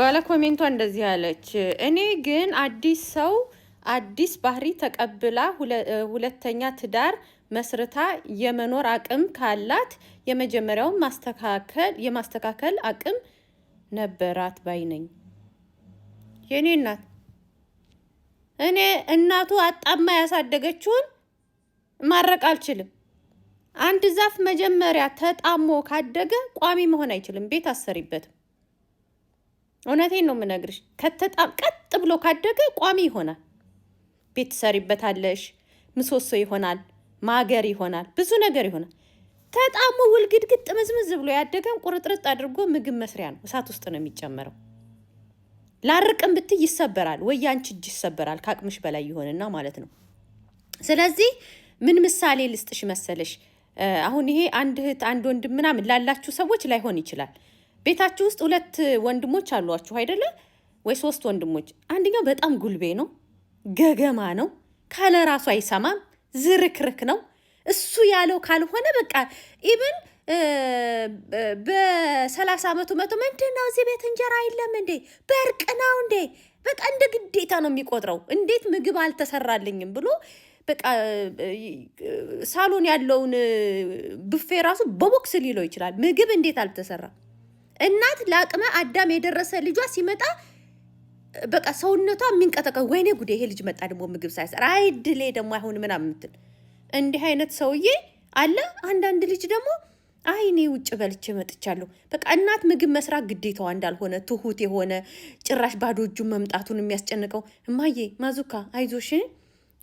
ባለ ኮሜንቷ እንደዚህ ያለች፣ እኔ ግን አዲስ ሰው አዲስ ባህሪ ተቀብላ ሁለተኛ ትዳር መስርታ የመኖር አቅም ካላት የመጀመሪያውን ማስተካከል የማስተካከል አቅም ነበራት ባይ ነኝ። የእኔ እናት እኔ እናቱ አጣማ ያሳደገችውን ማረቅ አልችልም። አንድ ዛፍ መጀመሪያ ተጣሞ ካደገ ቋሚ መሆን አይችልም። ቤት አሰሪበትም እውነቴን ነው የምነግርሽ። ከተጣም ቀጥ ብሎ ካደገ ቋሚ ይሆናል። ቤት ትሰሪበታለሽ፣ ምሰሶ ይሆናል፣ ማገር ይሆናል፣ ብዙ ነገር ይሆናል። ተጣሙ ውል ጥምዝምዝ ብሎ ያደገን ቁርጥርጥ አድርጎ ምግብ መስሪያ ነው፣ እሳት ውስጥ ነው የሚጨመረው። ላርቅም ብትይ ይሰበራል፣ ወይ ያንቺ እጅ ይሰበራል፣ ከአቅምሽ በላይ ይሆንና ማለት ነው። ስለዚህ ምን ምሳሌ ልስጥሽ መሰለሽ? አሁን ይሄ አንድ እህት አንድ ወንድም ምናምን ላላችሁ ሰዎች ላይሆን ይችላል። ቤታችሁ ውስጥ ሁለት ወንድሞች አሏችሁ አይደለ ወይ? ሶስት ወንድሞች። አንደኛው በጣም ጉልቤ ነው፣ ገገማ ነው፣ ካለ ራሱ አይሰማም፣ ዝርክርክ ነው። እሱ ያለው ካልሆነ በቃ ኢብን በሰላሳ አመቱ መቶ ምንድን ነው እዚህ ቤት እንጀራ የለም እንዴ በርቅ ነው እንዴ በቃ እንደ ግዴታ ነው የሚቆጥረው። እንዴት ምግብ አልተሰራልኝም ብሎ በቃ ሳሎን ያለውን ብፌ ራሱ በቦክስ ሊለው ይችላል። ምግብ እንዴት አልተሰራ እናት ለአቅመ አዳም የደረሰ ልጇ ሲመጣ በቃ ሰውነቷ የሚንቀጠቀ ወይኔ ጉዴ ይሄ ልጅ መጣ ደግሞ ምግብ ሳይሰራ አይድሌ ደግሞ አይሆን ምናምን የምትል እንዲህ አይነት ሰውዬ አለ። አንዳንድ ልጅ ደግሞ አይኔ ውጭ በልቼ መጥቻለሁ። በቃ እናት ምግብ መስራት ግዴታዋ እንዳልሆነ ትሁት የሆነ ጭራሽ ባዶ እጁን መምጣቱን የሚያስጨንቀው እማዬ ማዙካ አይዞሽ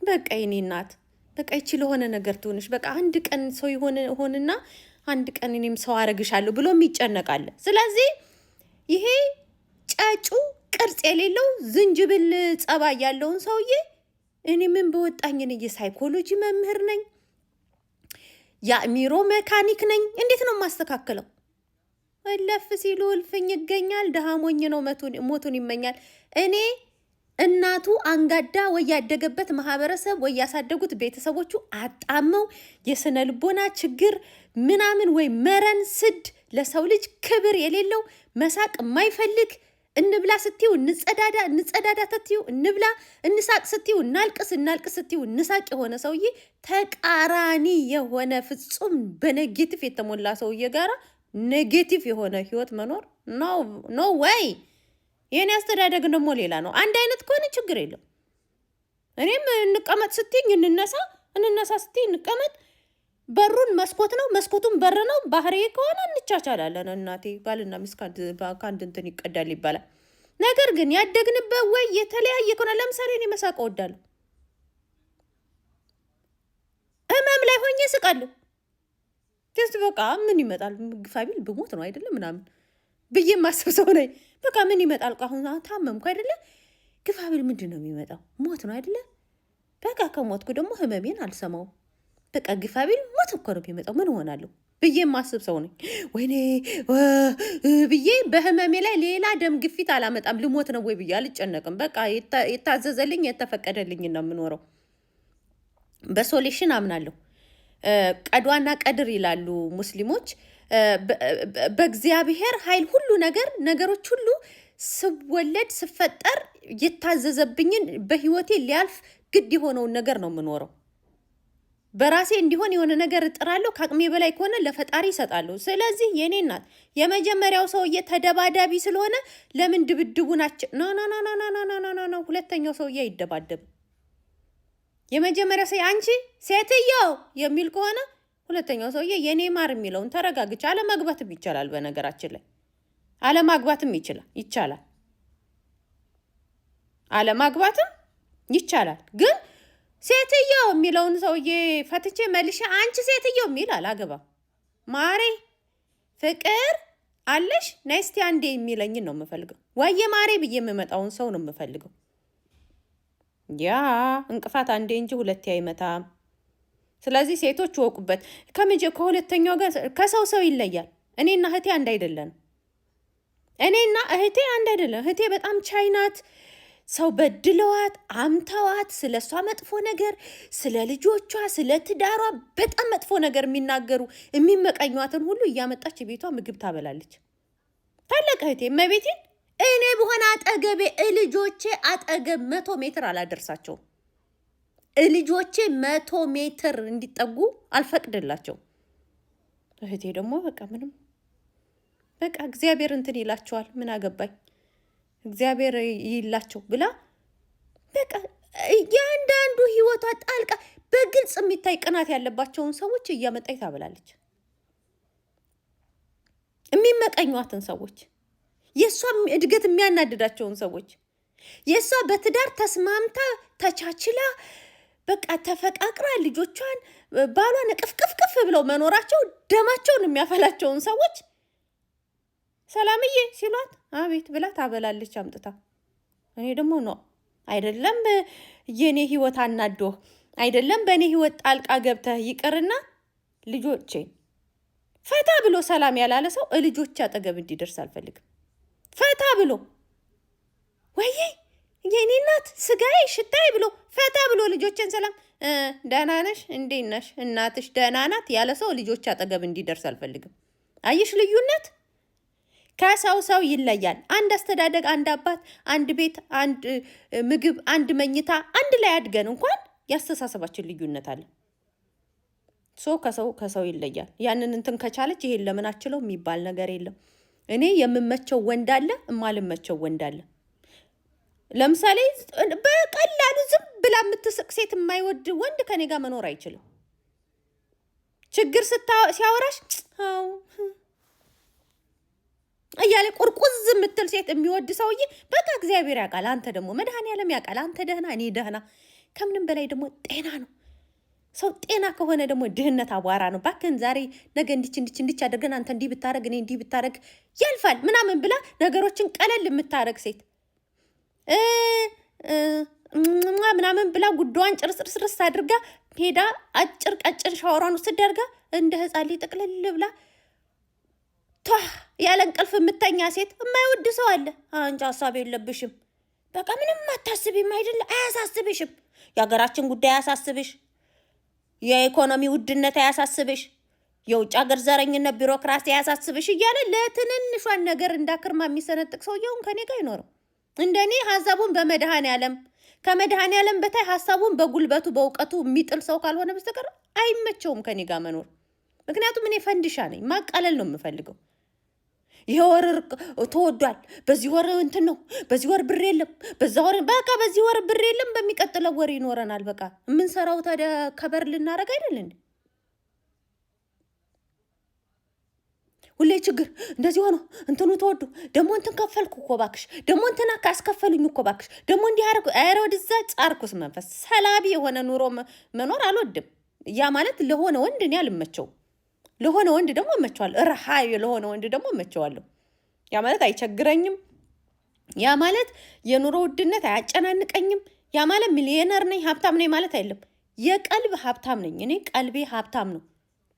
በቃ የኔ እናት በቃ ይቺ ለሆነ ነገር ትሆንሽ በቃ አንድ ቀን ሰው ሆንና አንድ ቀን እኔም ሰው አረግሻለሁ ብሎም ይጨነቃል። ስለዚህ ይሄ ጨጩ ቅርጽ የሌለው ዝንጅብል ጸባይ ያለውን ሰውዬ እኔ ምን በወጣኝን የሳይኮሎጂ መምህር ነኝ፣ የአእሚሮ መካኒክ ነኝ። እንዴት ነው የማስተካከለው? እለፍ ሲሉ እልፍኝ ይገኛል። ድሃ ሞኝ ነው ሞቱን ይመኛል። እኔ እናቱ አንጋዳ ወይ ያደገበት ማህበረሰብ ወይ ያሳደጉት ቤተሰቦቹ አጣመው የስነ ልቦና ችግር ምናምን ወይ መረን ስድ ለሰው ልጅ ክብር የሌለው መሳቅ የማይፈልግ እንብላ ስትዩ እንጸዳዳ እንጸዳዳ ስትዩ እንብላ እንሳቅ ስትዩ እናልቅስ እናልቅስ ስትዩ እንሳቅ የሆነ ሰውዬ ተቃራኒ የሆነ ፍጹም በኔጌቲቭ የተሞላ ሰውዬ ጋራ ኔጌቲቭ የሆነ ህይወት መኖር ኖ ወይ የእኔ አስተዳደግ ደግሞ ሌላ ነው። አንድ አይነት ከሆነ ችግር የለም። እኔም እንቀመጥ ስትኝ እንነሳ፣ እንነሳ ስትኝ እንቀመጥ። በሩን መስኮት ነው፣ መስኮቱን በር ነው። ባህሬ ከሆነ እንቻቻላለን። እናቴ ባልና ሚስት ከአንድ እንትን ይቀዳል ይባላል። ነገር ግን ያደግንበት ወይ የተለያየ ከሆነ ለምሳሌ እኔ መሳቅ እወዳለሁ። ህመም ላይ ሆኜ ስቃለሁ። ስ በቃ ምን ይመጣል ግፋ ብሞት ነው አይደለም ምናምን ብዬ ማስብ ሰው ነኝ። በቃ ምን ይመጣል? አሁን ታመምኩ አይደለ? ግፋ ብል ምንድን ነው የሚመጣው? ሞት ነው አይደለ? በቃ ከሞትኩ ደግሞ ህመሜን አልሰማውም። በቃ ግፋ ሞት እኮ ነው የሚመጣው። ምን እሆናለሁ ብዬ ማስብ ሰው ነኝ። ወይኔ ብዬ በህመሜ ላይ ሌላ ደም ግፊት አላመጣም። ልሞት ነው ወይ ብዬ አልጨነቅም። በቃ የታዘዘልኝ የተፈቀደልኝ ነው የምኖረው። በሶሌሽን አምናለሁ። ቀዷና ቀድር ይላሉ ሙስሊሞች። በእግዚአብሔር ኃይል ሁሉ ነገር ነገሮች ሁሉ ስወለድ ስፈጠር የታዘዘብኝን በህይወቴ ሊያልፍ ግድ የሆነውን ነገር ነው የምኖረው። በራሴ እንዲሆን የሆነ ነገር እጥራለሁ። ከአቅሜ በላይ ከሆነ ለፈጣሪ ይሰጣለሁ። ስለዚህ የኔናት የመጀመሪያው ሰውዬ ተደባዳቢ ስለሆነ ለምን ድብድቡ ናቸው? ኖ ኖ ኖ ኖ ኖ ሁለተኛው ሰውዬ አይደባደብም። የመጀመሪያው ሰው አንቺ ሴትዮ የሚል ከሆነ ሁለተኛው ሰውዬ የኔ ማር የሚለውን ተረጋግቼ አለማግባትም ይቻላል። በነገራችን ላይ አለማግባትም ይችላል ይቻላል አለማግባትም ይቻላል። ግን ሴትየው የሚለውን ሰውዬ ፈትቼ መልሼ አንቺ ሴትየው የሚል አላገባም። ማሬ ፍቅር አለሽ ናይስቲ አንዴ የሚለኝን ነው የምፈልገው። ወየ ማሬ ብዬ የምመጣውን ሰው ነው የምፈልገው። ያ እንቅፋት አንዴ እንጂ ሁለቴ አይመታም። ስለዚህ ሴቶች ወቁበት። ከምጅ ከሁለተኛው ጋር ከሰው ሰው ይለያል። እኔና እህቴ አንድ አይደለን። እኔና እህቴ አንድ አይደለን። እህቴ በጣም ቻይናት ሰው በድለዋት አምተዋት ስለ እሷ መጥፎ ነገር፣ ስለ ልጆቿ፣ ስለ ትዳሯ በጣም መጥፎ ነገር የሚናገሩ የሚመቀኟትን ሁሉ እያመጣች ቤቷ ምግብ ታበላለች። ታላቅ እህቴ እመቤቴን እኔ በሆነ አጠገቤ ልጆቼ አጠገብ መቶ ሜትር አላደርሳቸውም። ልጆቼ መቶ ሜትር እንዲጠጉ አልፈቅድላቸው። እህቴ ደግሞ በቃ ምንም በቃ እግዚአብሔር እንትን ይላቸዋል፣ ምን አገባኝ እግዚአብሔር ይላቸው ብላ በቃ እያንዳንዱ ህይወቷ ጣልቃ በግልጽ የሚታይ ቅናት ያለባቸውን ሰዎች እያመጣኝ ታበላለች። የሚመቀኟትን ሰዎች፣ የእሷ እድገት የሚያናድዳቸውን ሰዎች፣ የእሷ በትዳር ተስማምታ ተቻችላ በቃ ተፈቃቅራ ልጆቿን ባሏን ቅፍቅፍቅፍ ብለው መኖራቸው ደማቸውን የሚያፈላቸውን ሰዎች ሰላምዬ ሲሏት አቤት ብላ ታበላለች አምጥታ። እኔ ደግሞ ኖ አይደለም የእኔ ህይወት አናዶህ አይደለም በእኔ ህይወት ጣልቃ ገብተህ ይቅርና ልጆቼን ፈታ ብሎ ሰላም ያላለ ሰው ልጆች አጠገብ እንዲደርስ አልፈልግም። ፈታ ብሎ ወይዬ የኔ እናት ስጋዬ ሽታዬ ብሎ ፈታ ብሎ ልጆችን ሰላም ደህና ነሽ ነሽ እናትሽ ደህና ናት ያለ ሰው ልጆች አጠገብ እንዲደርስ አልፈልግም። አየሽ ልዩነት ከሰው ሰው ይለያል። አንድ አስተዳደግ፣ አንድ አባት፣ አንድ ቤት፣ አንድ ምግብ፣ አንድ መኝታ፣ አንድ ላይ አድገን እንኳን ያስተሳሰባችን ልዩነት አለ። ሰው ከሰው ከሰው ይለያል። ያንን እንትን ከቻለች ይሄን ለምን አችለው የሚባል ነገር የለም። እኔ የምመቸው ወንድ አለ፣ እማልመቸው ወንድ አለ። ለምሳሌ በቀላሉ ዝም ብላ የምትስቅ ሴት የማይወድ ወንድ ከኔ ጋር መኖር አይችልም። ችግር ሲያወራሽ ው እያለ ቁርቁዝ የምትል ሴት የሚወድ ሰውዬ በቃ እግዚአብሔር ያውቃል። አንተ ደግሞ መድኃኔዓለም ያውቃል። አንተ ደህና፣ እኔ ደህና። ከምንም በላይ ደግሞ ጤና ነው። ሰው ጤና ከሆነ ደግሞ ድህነት አቧራ ነው። ባክን ዛሬ ነገ እንዲች እንዲች እንዲች አድርገን አንተ እንዲህ ብታደረግ እኔ እንዲህ ብታረግ ያልፋል ምናምን ብላ ነገሮችን ቀለል የምታደረግ ሴት ምናምን ብላ ጉዳዋን ጭርስርስርስ አድርጋ ሄዳ አጭር ቀጭን ሻወሯን ውስጥ ደርጋ እንደ ህፃን ጥቅልል ብላ ቷ ያለ እንቅልፍ የምተኛ ሴት የማይወድ ሰው አለ። አንቺ ሀሳብ የለብሽም፣ በቃ ምንም አታስቢም አይደለ? አያሳስብሽም። የሀገራችን ጉዳይ አያሳስብሽ፣ የኢኮኖሚ ውድነት አያሳስብሽ፣ የውጭ ሀገር ዘረኝነት፣ ቢሮክራሲ አያሳስብሽ እያለ ለትንንሿን ነገር እንዳክርማ የሚሰነጥቅ ሰውየውን ከኔ ጋር አይኖርም። እንደኔ ሀሳቡን በመድሃኔ ዓለም ከመድሃኔ ዓለም በታይ ሀሳቡን በጉልበቱ በእውቀቱ የሚጥል ሰው ካልሆነ በስተቀር አይመቸውም ከኔ ጋር መኖር። ምክንያቱም እኔ ፈንዲሻ ነኝ፣ ማቃለል ነው የምፈልገው። ይሄ ወር ተወዷል፣ በዚህ ወር እንትን ነው፣ በዚህ ወር ብር የለም፣ በዛ ወር በቃ በዚህ ወር ብር የለም፣ በሚቀጥለው ወር ይኖረናል። በቃ የምንሰራው ታዲያ ከበር ልናደርግ አይደለን? ሁሌ ችግር እንደዚህ ሆኖ እንትኑ ተወዱ ደግሞ እንትን ከፈልኩ እኮ ባክሽ፣ ደግሞ እንትን ካስከፈሉኝ እኮ ባክሽ፣ ደግሞ እንዲህ አደረጉ። ኧረ ወደዛ ጫርኩስ መንፈስ ሰላቢ የሆነ ኑሮ መኖር አልወድም። ያ ማለት ለሆነ ወንድ እኔ አልመቸው፣ ለሆነ ወንድ ደግሞ እመቸዋለሁ። ረሃ ለሆነ ወንድ ደግሞ እመቸዋለሁ። ያ ማለት አይቸግረኝም። ያ ማለት የኑሮ ውድነት አያጨናንቀኝም። ያ ማለት ሚሊዮነር ነኝ ሀብታም ነኝ ማለት አይደለም። የቀልብ ሀብታም ነኝ እኔ። ቀልቤ ሀብታም ነው።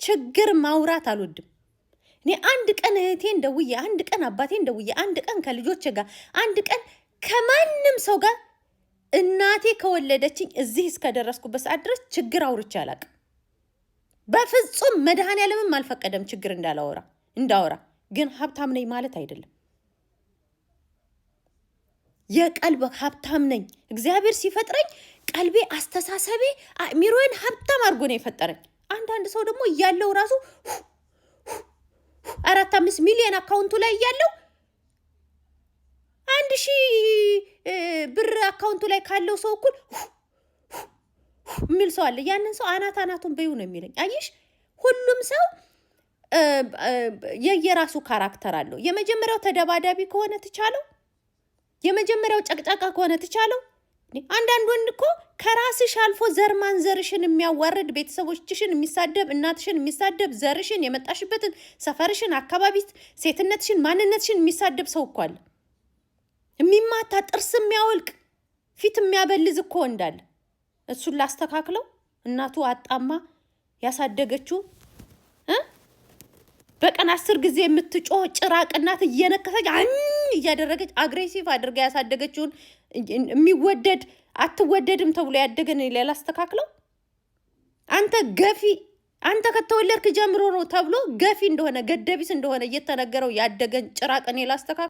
ችግር ማውራት አልወድም። እኔ አንድ ቀን እህቴን ደውዬ አንድ ቀን አባቴን ደውዬ አንድ ቀን ከልጆች ጋር አንድ ቀን ከማንም ሰው ጋር እናቴ ከወለደችኝ እዚህ እስከደረስኩበት ሰዓት ድረስ ችግር አውርቼ አላቅም። በፍጹም መድኃኔዓለምም አልፈቀደም ችግር እንዳላወራ እንዳወራ። ግን ሀብታም ነኝ ማለት አይደለም። የቀልብ ሀብታም ነኝ። እግዚአብሔር ሲፈጥረኝ ቀልቤ፣ አስተሳሰቤ፣ አእምሮዬን ሀብታም አድርጎ ነው የፈጠረኝ። አንዳንድ ሰው ደግሞ እያለው ራሱ አራት አምስት ሚሊዮን አካውንቱ ላይ እያለው አንድ ሺህ ብር አካውንቱ ላይ ካለው ሰው እኩል የሚል ሰው አለ። ያንን ሰው አናት አናቱን በይው ነው የሚለኝ። አየሽ፣ ሁሉም ሰው የየራሱ ካራክተር አለው። የመጀመሪያው ተደባዳቢ ከሆነ ትቻለው፣ የመጀመሪያው ጨቅጫቃ ከሆነ ትቻለው አንዳንድ ወንድ እኮ ከራስሽ አልፎ ዘር ማንዘርሽን የሚያዋርድ ቤተሰቦችሽን የሚሳደብ እናትሽን የሚሳደብ ዘርሽን፣ የመጣሽበትን ሰፈርሽን፣ አካባቢ፣ ሴትነትሽን፣ ማንነትሽን የሚሳደብ ሰው እኮ አለ። የሚማታ ጥርስ የሚያወልቅ ፊት የሚያበልዝ እኮ እንዳለ። እሱን ላስተካክለው እናቱ አጣማ ያሳደገችው በቀን አስር ጊዜ የምትጮ ጭራቅ እናት እየነከሰች እያደረገች አግሬሲቭ አድርጋ ያሳደገችውን የሚወደድ አትወደድም ተብሎ ያደገን ሌላ አስተካክለው አንተ ገፊ አንተ ከተወለድክ ጀምሮ ነው ተብሎ ገፊ እንደሆነ ገደቢስ እንደሆነ እየተነገረው ያደገን ጭራቅ እኔ ላስተካክል